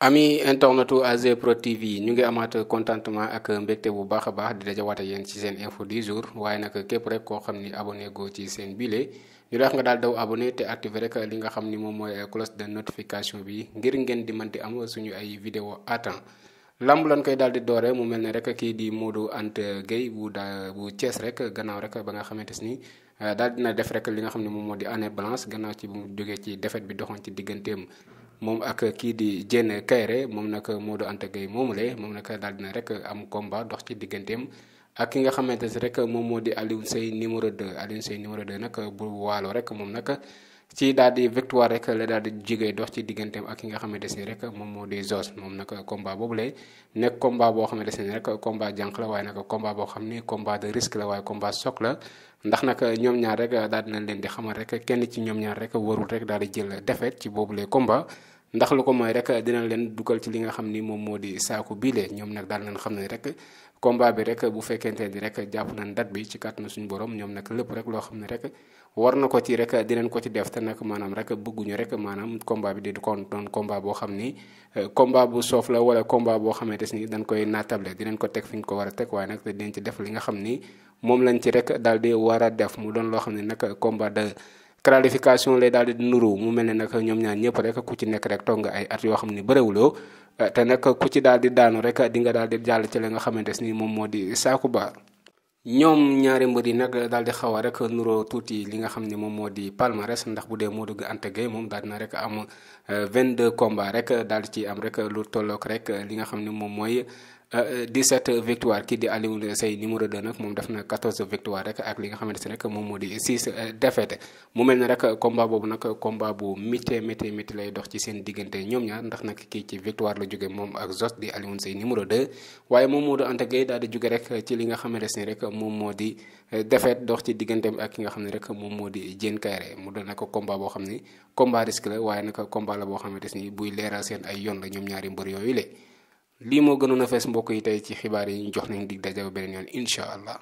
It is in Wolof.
ami internetu AG Pro TV ñu ngi amaat contentement ak mbégte bu baax a baax di dajawaate yéen ci seen info di jour waaye nag képp rek koo xam ni abonné go ci seen bile ñu wax nga daal daw abonné te activé rek li nga xam ni moom mooy cloche de bi ngir ngeen di mën di am suñu ay vidéo temps lamb lan koy daal di doore mu mel ne rek kii di Modou Anta Gueye bu da bu Thiès rek gannaaw rek ba nga xamante ni daal dina def rek li nga xam ne moom moo di année blanche gannaaw ci bu mu jógee ci défaite bi doxoon ci digganteem. moom ak kii di Diène Kairé moom nag Modou Anta Gueye moomule moom nag daal dina rek am combat dox ci digganteem ak ki nga xamante ne rek moom moo di Alioune Seye numéro 2 Alioune numéro 2 nag bu waalo rek moom nag ci daal di victoire rek la daal di jigéey dox ci digganteem ak ki nga xamante ne rek moom moo di Zos moom nag combat boobu lay nekk combat boo xamante ne rek combat jànq la waaye nag combat boo xam ni combat de risque la waaye combat choc la ndax nag ñoom ñaar rek daal dinañ leen di xamal rek kenn ci ñoom ñaar rek warul rek daal di jël défaite ci boobu lay combat. ndax lu ko mooy rek dina leen dugal ci li nga xam ni moom moo di saaku biile ñoom nag daal nañ xam ne rek combat bi rek bu fekkente di rek jàpp nañ dat bi ci kàttanu suñu borom ñoom nag lépp rek loo xam ne rek war na ko ci rek dinañ ko ci def te nag maanaam rek bëgguñu rek maanaam combat bi di kon doon combat boo xam ni euh, combat bu soof la wala combat boo xamante ni dañ koy naatable dinañ ko teg fi ñu ko war a teg waaye nag dinañ ci def li nga xam ni moom lañ ci rek daal di war a def mu doon loo xam ne nag combat de. qualification lay daal di nuru mu mel ne nag ñoom ñaar ñëpp rek ku ci nekk rek toog ay at yoo xam ni bëriwuloo eh, te nag ku ci daal di daanu rek di nga daal di jàll ci li nga xamante ni moom moo di saaku baar ñoom ñaari mbër yi nag daal di xaw a rek nuroo tuuti li nga xam ne moom moo di palmarès ndax bu dee moo dugg Anta Gueye moom daal na rek am 22 eh, combats rek daal di ci am rek lu tollook rek li nga xam ne moom mooy 17 euh, victoire kii di Aliou Seye numéro de nag moom def na 14 victoire rek ak li nga xamante ne rek moom moo di 6 euh, défaite mu mel ne rek combat boobu nag combat bu métti métti métti lay dox ci seen diggante ñoom ñaar ndax nag kii ci victoire la jóge moom ak Zos di Aliou numéro 2 waaye moom moo di Anta Gueye daal di jóge rek ci li nga xamante ne rek moom moo di euh, défaite dox ci digganteem ak ki nga xam ne rek moom moo di Diène Kairé mu doon nag combat boo xam ni combat risque la waaye nag combat la boo xamante ni buy leeral seen ay yoon la ñoom ñaari mbër yooyu le lii moo gënoon a fees mbokk yi tey ci xibaar yi ñu jox nañu dig daje ba beneen yoon incha allah.